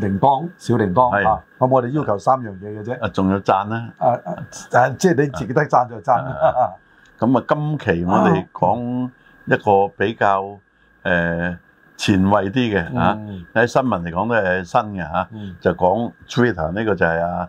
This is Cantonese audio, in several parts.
鈴鐺，小鈴鐺啊！咁我哋要求三樣嘢嘅啫。啊，仲有讚啦、啊。啊啊，啊，啊即係你自己得讚就讚咁啊，啊啊今期我哋講一個比較誒、啊呃呃、前衞啲嘅嚇。喺、啊嗯、新聞嚟講都係新嘅嚇、啊嗯。就講 Twitter 呢個就係阿、啊、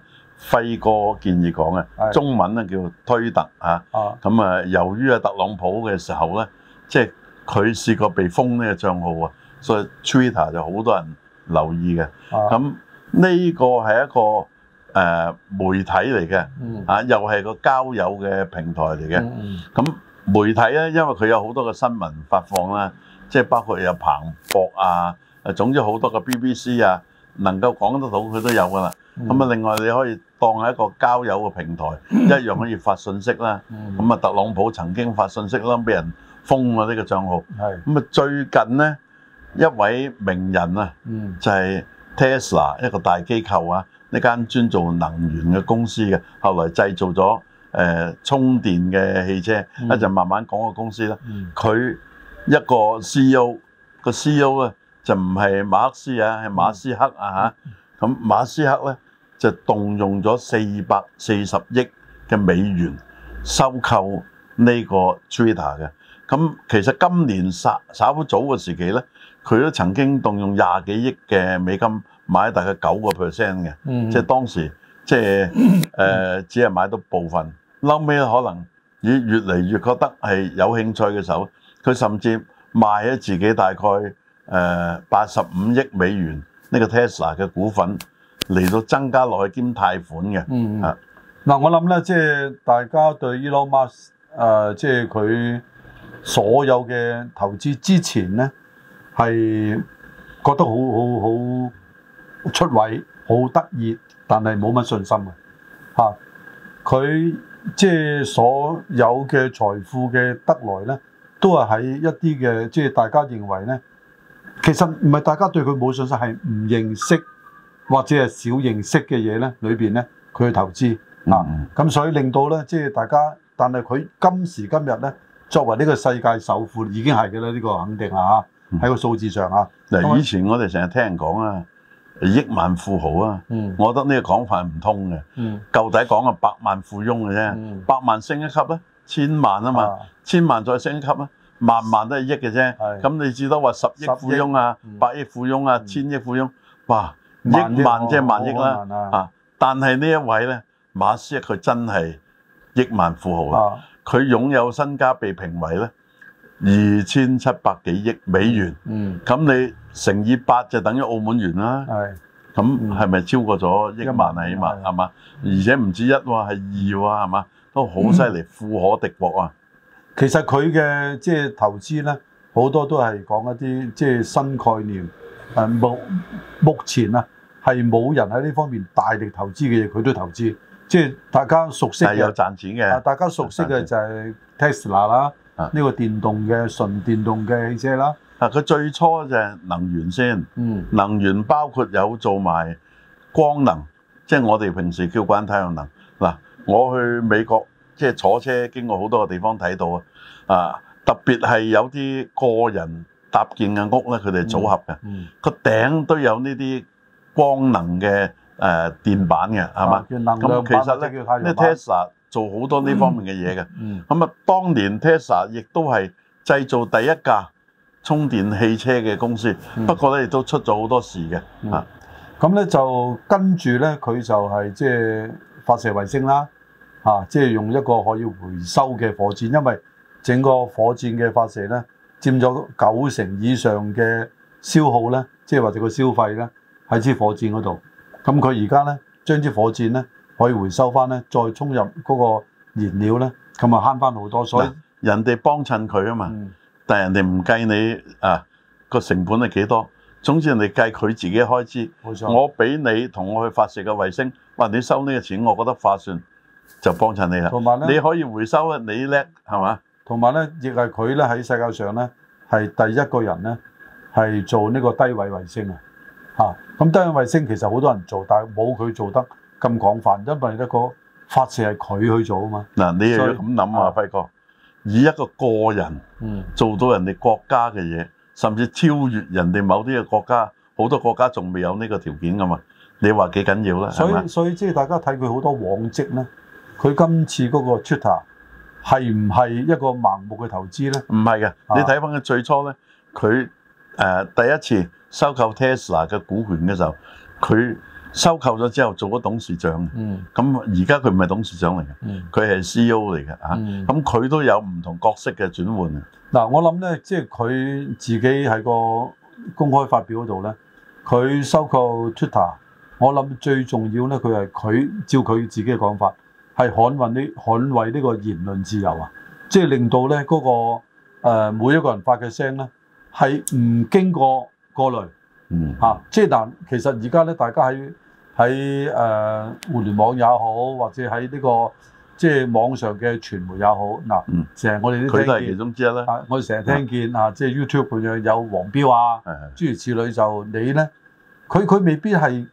輝哥建議講嘅，中文咧叫推特嚇。咁啊，啊，啊，由於阿特朗普嘅時候咧，即係佢試過被封呢個賬號啊，所以 Twitter 就好多人。留意嘅，咁呢個係一個誒、呃、媒體嚟嘅、嗯，啊又係個交友嘅平台嚟嘅。咁、嗯嗯、媒體咧，因為佢有好多嘅新聞發放啦，即係包括有彭博啊，誒總之好多嘅 BBC 啊，能夠講得到佢都有㗎啦。咁、嗯、啊，另外你可以當係一個交友嘅平台、嗯，一樣可以發信息啦。咁、嗯、啊，特朗普曾經發信息啦，俾人封咗呢個賬號。係咁啊，最近咧。一位名人啊、嗯，就係 Tesla 一個大機構啊、嗯，一間專做能源嘅公司嘅，後來製造咗誒、呃、充電嘅汽車，嗯、一陣慢慢講個公司啦。佢、嗯、一個 CEO 個、嗯、CEO 啊，就唔係馬克思啊，係馬斯克、嗯、啊咁馬斯克咧就動用咗四百四十億嘅美元收購呢個 Twitter 嘅。咁其實今年稍稍早嘅時期咧，佢都曾經動用廿幾億嘅美金買大概九個 percent 嘅，即係當時即係誒只係買到部分。後尾可能越越嚟越覺得係有興趣嘅時候，佢甚至賣咗自己大概誒八十五億美元呢個 Tesla 嘅股份嚟到增加內兼貸款嘅。嗯嗯。啊想呢，嗱我諗咧，即係大家對 Elon Musk 誒，即係佢。就是所有嘅投資之前呢，係覺得好好好出位、好得意，但係冇乜信心嘅嚇。佢即係所有嘅財富嘅得來呢，都係喺一啲嘅即係大家認為呢，其實唔係大家對佢冇信心，係唔認識或者係少認識嘅嘢呢裏邊呢，佢去投資嗱，咁所以令到呢即係大家，但係佢今時今日呢。作為呢個世界首富已經係嘅啦，呢個肯定吓喺個數字上啊。嗱，以前我哋成日聽人講啊，億萬富豪啊，嗯、我覺得呢個講法係唔通嘅。舊、嗯、底講啊，百萬富翁嘅啫、嗯，百萬升一級呢，千萬啊嘛，啊千萬再升一級咧，萬萬都係億嘅啫。咁你至多話十億富翁啊，億百億富翁啊，嗯、千億富翁，哇，億萬即係萬億啦啊。啊，但係呢一位咧，馬斯克佢真係億萬富豪、啊啊佢擁有身家被評為咧二千七百幾億美元，咁、嗯嗯、你乘以八就等於澳門元啦。咁係咪超過咗億萬啊億萬係嘛？而且唔止一喎，係二喎係嘛？都好犀利，富可敵國啊、嗯！其實佢嘅即係投資咧，好多都係講一啲即係新概念，誒目目前啊係冇人喺呢方面大力投資嘅嘢，佢都投資。即係大家熟悉嘅，係有賺錢嘅，大家熟悉嘅就係 Tesla 啦，呢、這個電動嘅純電動嘅汽車啦。啊，佢最初就係能源先，能源包括有做埋光能，即、嗯、係、就是、我哋平時叫慣太陽能。嗱，我去美國即係、就是、坐車經過好多個地方睇到啊，特別係有啲個人搭建嘅屋咧，佢哋組合嘅，個、嗯、頂、嗯、都有呢啲光能嘅。誒、呃、電板嘅係嘛？咁、嗯啊、其實叫咧，呢 Tesla 做好多呢方面嘅嘢嘅。咁、嗯、啊、嗯嗯，當年 Tesla 亦都係製造第一架充電汽車嘅公司，嗯、不過咧亦都出咗好多事嘅。咁、嗯、咧、啊嗯、就跟住咧，佢就係、是、即係發射衛星啦。啊、即係用一個可以回收嘅火箭，因為整個火箭嘅發射咧佔咗九成以上嘅消耗咧，即係話佢個消費咧喺支火箭嗰度。咁佢而家咧，將支火箭咧可以回收翻咧，再充入嗰個燃料咧，咁啊慳翻好多。所以人哋幫襯佢啊嘛、嗯，但人哋唔計你啊個成本係幾多，總之人哋計佢自己開支。冇錯，我俾你同我去發射個衛星，哇！你收呢個錢，我覺得划算，就幫襯你啦。同埋咧，你可以回收啊，你叻係嘛？同埋咧，亦係佢咧喺世界上咧係第一個人咧係做呢個低位衛星啊。啊，咁德然衛星其實好多人做，但係冇佢做得咁廣泛，因為一個發射係佢去做啊嘛。嗱、啊，你又要咁諗啊,啊，輝哥，以一個個人做到人哋國家嘅嘢、嗯，甚至超越人哋某啲嘅國家，好多國家仲未有呢個條件㗎嘛。你話幾緊要咧、啊？所以所以即係大家睇佢好多往績咧，佢今次嗰個 Twitter 係唔係一個盲目嘅投資咧？唔係嘅，你睇翻佢最初咧，佢。誒、呃、第一次收購 Tesla 嘅股權嘅時候，佢收購咗之後做咗董事長。嗯，咁而家佢唔係董事長嚟嘅，佢、嗯、係 CEO 嚟嘅嚇。咁、嗯、佢都有唔同角色嘅轉換。嗱、嗯，我諗咧，即係佢自己喺個公開發表嗰度咧，佢收購 Twitter。我諗最重要咧，佢係佢照佢自己嘅講法，係捍衞呢捍衞呢個言論自由啊，即係令到咧、那、嗰個、呃、每一個人發嘅聲咧。係唔經過過濾，嚇、嗯，即係但其實而家咧，大家喺喺誒互聯網也好，或者喺呢、這個即係、就是、網上嘅傳媒也好，嗱、啊，成、嗯、日我哋呢佢都係其中之一啦、啊。我哋成日聽見啊，即、啊、係、就是、YouTube 咁樣有黃標啊，諸如此類就你咧，佢佢未必係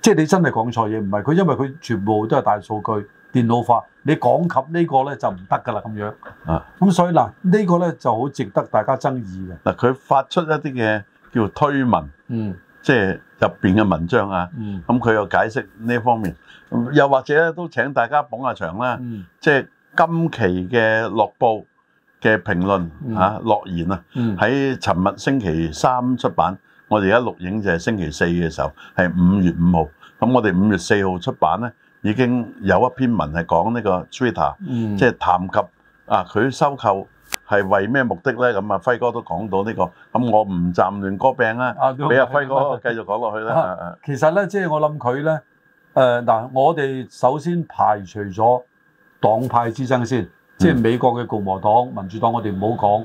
即係你真係講錯嘢，唔係佢因為佢全部都係大數據。電腦化，你講及呢個咧就唔得㗎啦，咁樣啊，咁所以嗱呢個咧就好值得大家爭議嘅。嗱，佢發出一啲嘢叫推文，嗯，即係入邊嘅文章啊，咁佢有解釋呢方面，又或者咧都請大家捧下場啦，即係今期嘅《樂報》嘅評論啊，樂言啊，喺尋日星期三出版，我哋而家錄影就係星期四嘅時候，係五月五號，咁我哋五月四號出版咧。已經有一篇文係講呢個 Twitter、嗯、即係談及啊，佢收購係為咩目的咧？咁、這個嗯、啊，輝哥都講到呢個，咁我唔暫亂歌病啦，俾阿輝哥繼續講落去啦。其實咧，即、就、係、是、我諗佢咧，誒、呃、嗱，我哋首先排除咗黨派之爭先，即係美國嘅共和黨、民主黨，我哋唔好講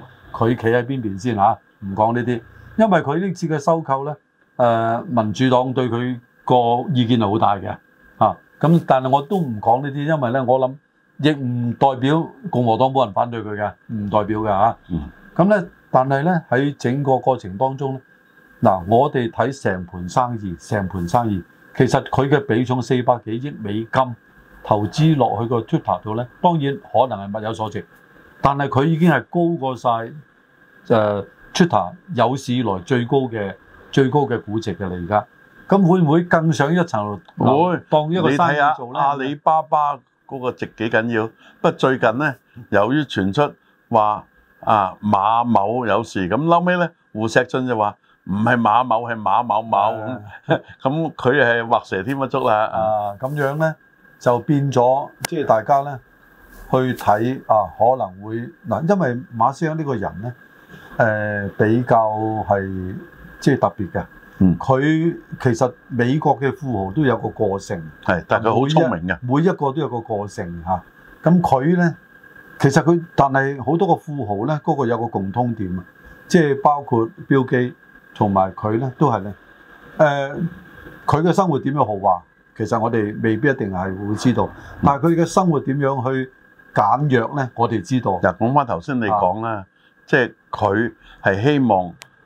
佢企喺邊邊先嚇，唔講呢啲，因為佢呢次嘅收購咧，誒、呃、民主黨對佢個意見係好大嘅啊。咁但係我都唔講呢啲，因為咧，我諗亦唔代表共和黨冇人反對佢嘅，唔代表嘅吓。咁咧，但係咧，喺整個過程當中咧，嗱，我哋睇成盤生意，成盤生意，其實佢嘅比重四百幾億美金投資落去個 Twitter 度咧，當然可能係物有所值，但係佢已經係高過晒誒、呃、Twitter 有史以來最高嘅最高嘅估值嘅啦，而家。咁會唔會更上一層樓？會當一個生意做啦。看看阿里巴巴嗰個值幾緊要？不過最近咧，由於傳出話啊馬某有事，咁撈尾咧胡錫進就話唔係馬某，係馬某某咁，佢係畫蛇添乜足啦。啊，咁樣咧就變咗，即係大家咧去睇啊，可能會嗱、啊，因為馬斯克呢個人咧、呃，比較係即係特別嘅。嗯，佢其實美國嘅富豪都有個個性，係，但係佢好聰明嘅，每一個都有個個性嚇。咁佢咧，其實佢，但係好多個富豪咧，嗰、那個有個共通點啊，即係包括標記同埋佢咧都係咧。誒、呃，佢嘅生活點樣豪華，其實我哋未必一定係會知道，嗯、但係佢嘅生活點樣去簡約咧，我哋知道。嗱、嗯，講翻頭先你講啦，即係佢係希望。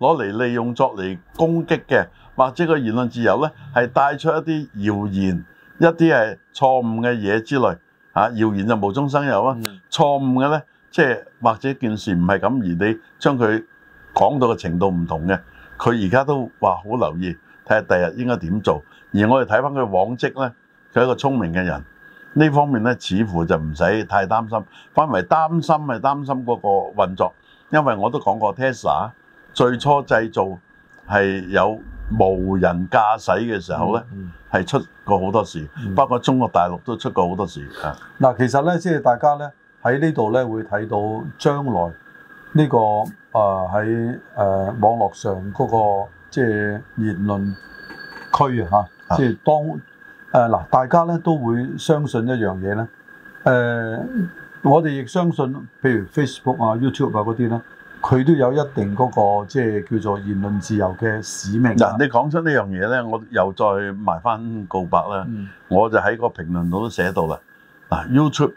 攞嚟利用作嚟攻擊嘅，或者個言論自由咧，係帶出一啲謠言，一啲係錯誤嘅嘢之類。嚇謠言就無中生有啊，錯誤嘅咧，即係或者件事唔係咁，而你將佢講到嘅程度唔同嘅，佢而家都話好留意，睇下第日應該點做。而我哋睇翻佢往績咧，佢係一個聰明嘅人，呢方面咧似乎就唔使太擔心。反為擔心係擔心嗰個運作，因為我都講過 Tesla。最初製造係有無人駕駛嘅時候咧，係、嗯嗯、出過好多事、嗯，包括中國大陸都出過好多事。嗱、嗯，其實咧，即、就、係、是、大家咧喺呢度咧會睇到將來呢、這個啊喺誒網絡上嗰、那個即係、就是、言論區嚇，即、啊、係、就是、當誒嗱、呃，大家咧都會相信一樣嘢咧，誒、呃、我哋亦相信，譬如 Facebook 啊、YouTube 啊嗰啲咧。佢都有一定嗰、那個即係叫做言論自由嘅使命、啊。嗱，你講出呢樣嘢咧，我又再埋翻告白啦、嗯。我就喺個評論度都寫到啦。嗱、嗯、YouTube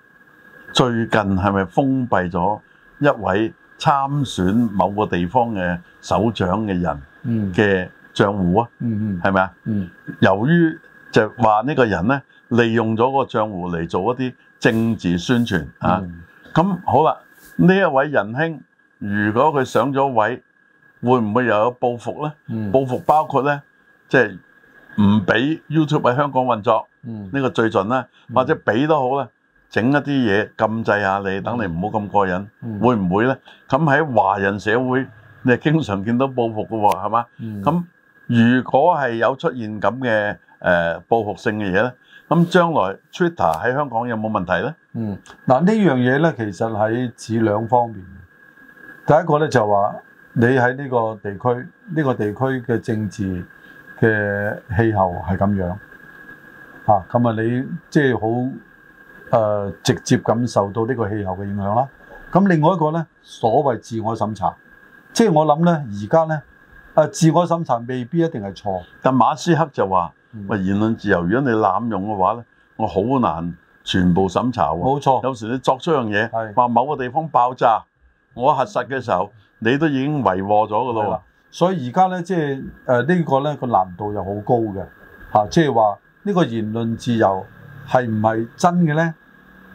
最近係咪封閉咗一位參選某個地方嘅首長嘅人嘅賬戶啊？嗯係係嗯，係、嗯、咪、嗯、啊？嗯，由於就話呢個人咧利用咗個賬戶嚟做一啲政治宣傳啊。咁好啦，呢一位仁兄。如果佢上咗位，會唔會又有報復咧？報復包括咧，即係唔俾 YouTube 喺香港運作。呢個最盡咧，或者俾都好啦，整一啲嘢禁制下你，等你唔好咁過癮，會唔會咧？咁喺華人社會，你係經常見到報復㗎喎，係嘛？咁如果係有出現咁嘅誒報復性嘅嘢咧，咁將來 Twitter 喺香港有冇問題咧？嗯，嗱呢樣嘢咧，其實係指兩方面。第一個咧就話你喺呢個地區，呢、呢個地區嘅政治嘅氣候係咁樣，嚇咁啊你即係好誒直接感受到呢個氣候嘅影響啦。咁另外一個咧，所謂自我審查，即係我諗咧而家咧誒自我審查未必一定係錯。但馬斯克就話，喂、嗯，言論自由，如果你濫用嘅話咧，我好難全部審查喎。冇錯，有時你作出樣嘢，話某個地方爆炸。我核實嘅時候，你都已經遺禍咗嘅啦，所以而家咧即係誒呢、呃這個咧、這個難度又好高嘅嚇、啊，即係話呢個言論自由係唔係真嘅咧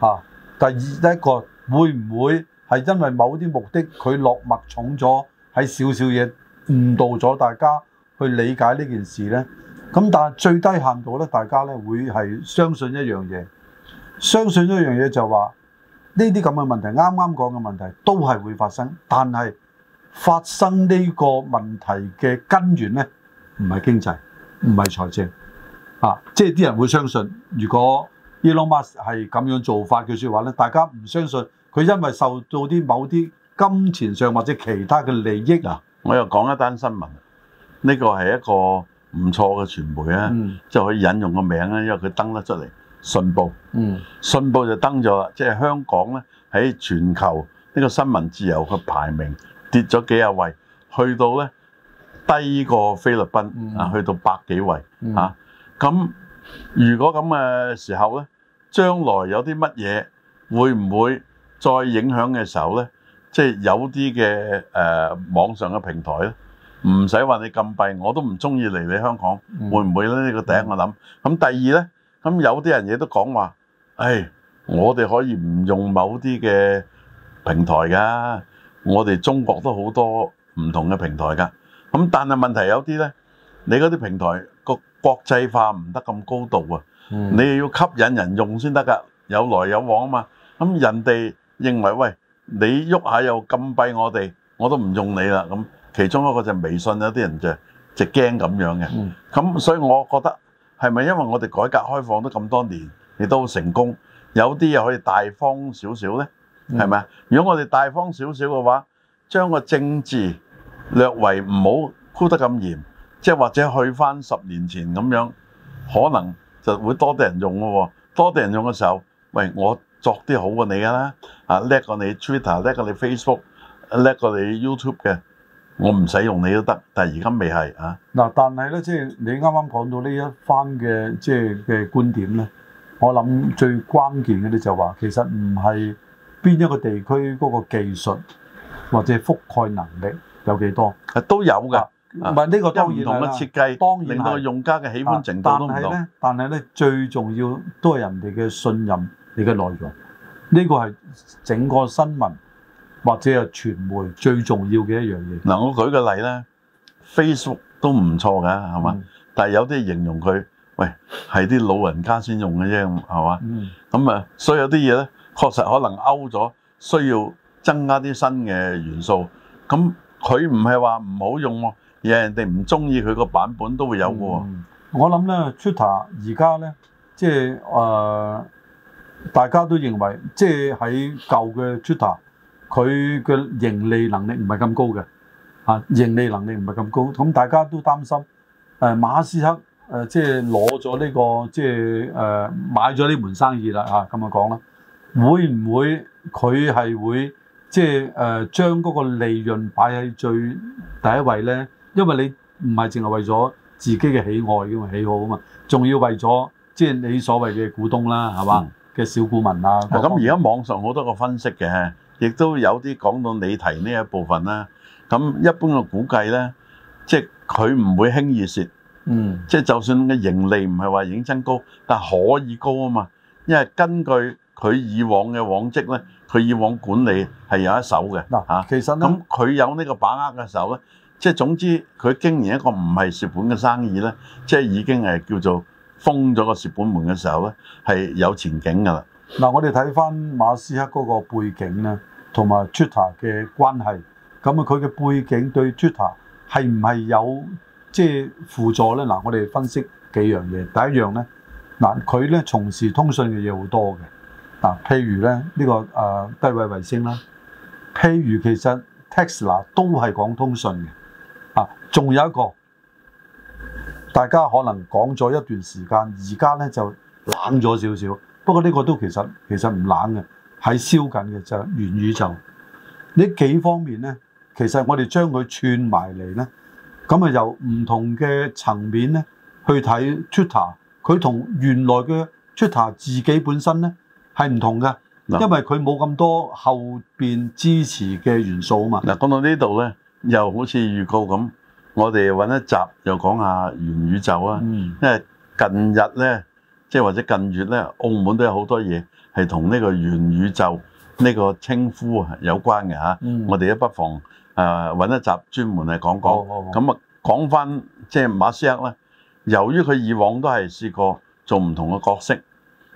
嚇？第、啊、二一個會唔會係因為某啲目的佢落墨重咗喺少少嘢誤導咗大家去理解呢件事咧？咁但係最低限度咧，大家咧會係相信一樣嘢，相信一樣嘢就話。呢啲咁嘅問題，啱啱講嘅問題都係會發生，但係發生呢個問題嘅根源呢，唔係經濟，唔係財政啊，即係啲人會相信，如果 Elon Musk 係咁樣做法嘅説話咧，大家唔相信佢因為受到啲某啲金錢上或者其他嘅利益啊。我又講一單新聞，呢、這個係一個唔錯嘅傳媒啊，即、嗯、係可以引用個名啊，因為佢登得出嚟。信報，嗯，信報就登咗啦，即係香港咧喺全球呢個新聞自由嘅排名跌咗幾十位，去到咧低過菲律賓啊，去到百幾位嚇。咁如果咁嘅時候咧，將來有啲乜嘢會唔會再影響嘅時候咧，即係有啲嘅誒網上嘅平台咧，唔使話你咁閉，我都唔中意嚟你香港，會唔會咧？呢個第一我諗，咁第二咧？咁有啲人亦都講話，誒，我哋可以唔用某啲嘅平台㗎。我哋中國都好多唔同嘅平台㗎。咁但係問題有啲咧，你嗰啲平台個國際化唔得咁高度啊。你又要吸引人用先得㗎，有來有往啊嘛。咁人哋認為喂，你喐下又禁閉我哋，我都唔用你啦。咁其中一個就係微信，有啲人就就驚咁樣嘅。咁所以我覺得。係咪因為我哋改革開放都咁多年，亦都成功，有啲又可以大方少少咧？係咪啊？嗯、如果我哋大方少少嘅話，將個政治略為唔好箍得咁嚴，即係或者去翻十年前咁樣，可能就會多啲人用咯，哦。多啲人用嘅時候，喂，我作啲好過你噶啦，啊叻過你 Twitter，叻過你 Facebook，叻過你 YouTube 嘅。我唔使用你都得，但係而家未係啊。嗱，但係咧，即係你啱啱講到呢一番嘅即係嘅觀點咧，我諗最關鍵嘅咧就話，其實唔係邊一個地區嗰個技術或者覆蓋能力有幾多，啊都有㗎，唔係呢個都唔同嘅設計，當然係令到用家嘅喜歡程度都唔同。但係咧，但係咧，最重要都係人哋嘅信任你嘅內容，呢個係整個新聞。或者係傳媒最重要嘅一樣嘢。嗱，我舉個例咧，Facebook 都唔錯嘅係嘛，但係有啲形容佢喂係啲老人家先用嘅啫，係嘛，咁啊，所以有啲嘢咧確實可能 out 咗，需要增加啲新嘅元素。咁佢唔係話唔好用，而係人哋唔中意佢個版本都會有嘅喎、嗯。我諗咧，Twitter 而家咧，即係誒、呃、大家都認為即係喺舊嘅 Twitter。佢嘅盈利能力唔係咁高嘅，啊，盈利能力唔係咁高，咁，啊、大家都擔心誒，呃、馬斯克即係攞咗呢個即係誒買咗呢門生意啦，咁就講啦，會唔會佢係會即係誒將嗰個利潤擺喺最第一位咧？因為你唔係淨係為咗自己嘅喜愛因為喜好啊嘛，仲要為咗即係你所謂嘅股東啦，係嘛嘅小股民啦，咁而家網上好多個分析嘅。亦都有啲講到你提呢一部分啦，咁一般嘅估計咧，即係佢唔會輕易蝕，嗯，即就算嘅盈利唔係話已經真高，但可以高啊嘛，因為根據佢以往嘅往績咧，佢以往管理係有一手嘅，嗱嚇，其實呢，咁、啊、佢有呢個把握嘅時候咧、嗯，即係總之佢經營一個唔係蝕本嘅生意咧，即已經係叫做封咗個蝕本門嘅時候咧，係有前景㗎啦。嗱，我哋睇翻馬斯克嗰個背景咧，同埋 Twitter 嘅關係，咁啊佢嘅背景對 Twitter 係唔係有即係輔助咧？嗱，我哋分析幾樣嘢。第一樣咧，嗱佢咧從事通訊嘅嘢好多嘅，嗱譬如咧呢、這個誒低軌衛星啦，譬如其實 Tesla 都係講通訊嘅，啊，仲有一個大家可能講咗一段時間，而家咧就冷咗少少。不過呢個都其實其實唔冷嘅，係燒緊嘅就係元宇宙呢幾方面咧，其實我哋將佢串埋嚟咧，咁啊由唔同嘅層面咧去睇 Twitter，佢同原來嘅 Twitter 自己本身咧係唔同㗎，因為佢冇咁多後邊支持嘅元素啊嘛。嗱，講到呢度咧，又好似預告咁，我哋搵一集又講下元宇宙啊，因為近日咧。即係或者近月咧，澳門都有好多嘢係同呢個元宇宙呢個稱呼有關嘅、嗯、我哋不妨誒揾、呃、一集專門嚟講講。咁啊講翻即係馬斯克咧，由於佢以往都係試過做唔同嘅角色，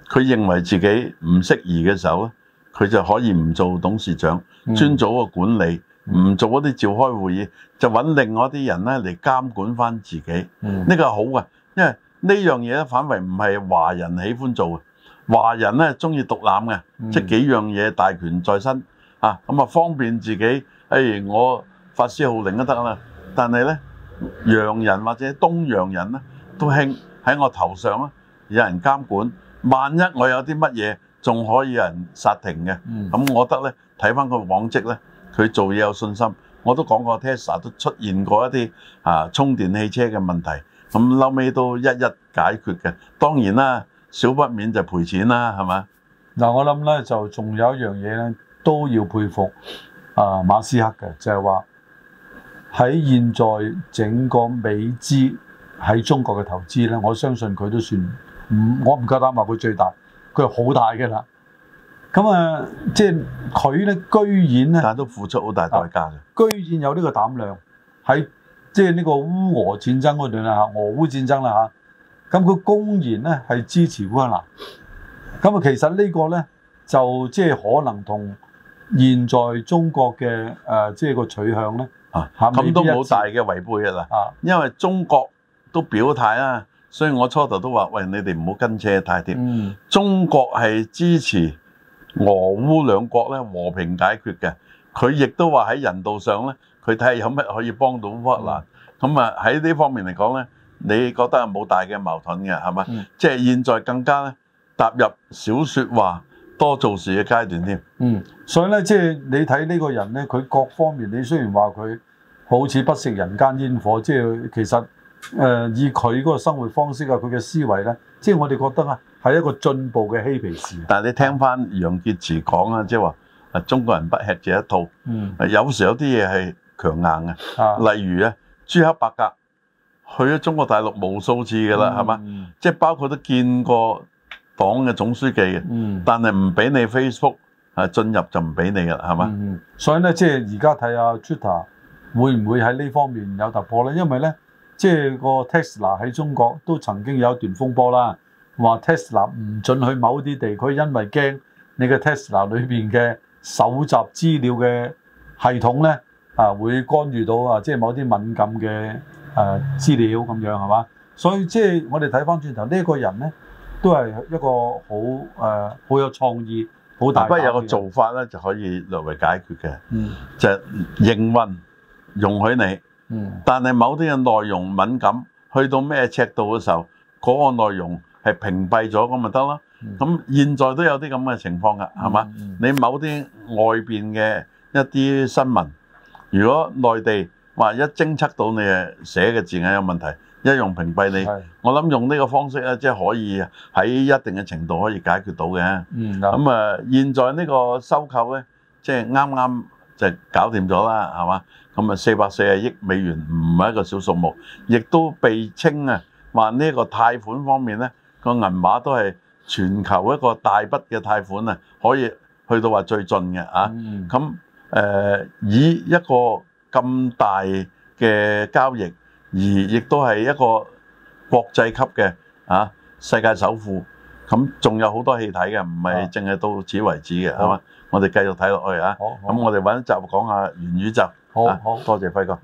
佢認為自己唔適宜嘅時候咧，佢就可以唔做董事長，嗯、專做個管理，唔做一啲召開會議，就揾另外一啲人咧嚟監管翻自己。呢、嗯，這個係好嘅，因為呢樣嘢咧，反為唔係華人喜歡做嘅。華人咧，中意獨攬嘅，即係幾樣嘢大權在身嚇，咁啊方便自己。譬如我發施號令都得啦。但係咧，洋人或者東洋人咧都興喺我頭上啊，有人監管。萬一我有啲乜嘢，仲可以有人殺停嘅。咁我覺得咧，睇翻個往績咧，佢做嘢有信心。我都講過，Tesla 都出現過一啲啊充電汽車嘅問題。咁嬲尾都一一解決嘅，當然啦，少不免就賠錢啦，係咪？嗱，我諗咧就仲有一樣嘢咧，都要佩服啊馬斯克嘅，就係話喺現在整個美資喺中國嘅投資咧，我相信佢都算唔，我唔夠膽話佢最大，佢係好大嘅啦。咁啊，即係佢咧居然咧，但都付出好大代價嘅，啊，居然有呢個膽量喺。即係呢個烏俄戰爭嗰段啦嚇，俄烏戰爭啦嚇，咁佢公然咧係支持烏克蘭。咁啊其實個呢個咧就即係可能同現在中國嘅誒即係個取向咧啊咁都冇大嘅違背㗎啊，因為中國都表態啦，所以我初頭都話喂，你哋唔好跟車太貼，嗯，中國係支持俄烏兩國咧和平解決嘅，佢亦都話喺人道上咧，佢睇下有乜可以幫到法蘭，咁啊喺呢方面嚟講咧，你覺得冇大嘅矛盾嘅係嘛？即係現在更加咧踏入少說話多做事嘅階段添。嗯，所以咧即係你睇呢個人咧，佢各方面你雖然話佢好似不食人間煙火，即係其實誒、呃、以佢嗰個生活方式啊，佢嘅思維咧，即係我哋覺得啊係一個進步嘅嬉皮士。但係你聽翻楊潔篪講啊，即係話啊中國人不吃這一套。嗯。啊、有時候有啲嘢係。強硬嘅，例如啊，朱克伯格去咗中國大陸無數次嘅啦，係、嗯、嘛？即係包括都見過黨嘅總書記嘅、嗯，但係唔俾你 Facebook 係進入就唔俾你嘅啦，係嘛、嗯？所以咧，即係而家睇下 Twitter 會唔會喺呢方面有突破咧？因為咧，即係個 Tesla 喺中國都曾經有一段風波啦，話 Tesla 唔准去某啲地區，因為驚你嘅 Tesla 裏邊嘅搜集資料嘅系統咧。啊，會干預到啊，即係某啲敏感嘅誒資料咁樣係嘛？所以即係我哋睇翻轉頭呢個人咧，都係一個好誒好有創意、好大膽嘅。不過有個做法咧就可以略為解決嘅，嗯，就係、應運容許你，嗯，但係某啲嘅內容敏感，去到咩尺度嘅時候，嗰個內容係屏蔽咗咁咪得啦。咁、嗯、現在都有啲咁嘅情況㗎，係嘛、嗯？你某啲外面嘅一啲新聞。如果內地話一偵測到你誒寫嘅字眼有問題，一用屏蔽你。我諗用呢個方式咧，即係可以喺一定嘅程度可以解決到嘅。咁誒，現在呢個收購咧，即係啱啱就搞掂咗啦，係嘛？咁啊，四百四十億美元唔係一個小數目，亦都被稱啊，話呢個貸款方面咧，個銀碼都係全球一個大筆嘅貸款啊，可以去到話最盡嘅啊。咁誒以一個咁大嘅交易，而亦都係一個國際級嘅啊，世界首富，咁仲有好多戲睇嘅，唔係淨係到此為止嘅，係嘛？我哋繼續睇落去啊，好，咁我哋揾一集講下元宇宙，好好，多謝輝哥。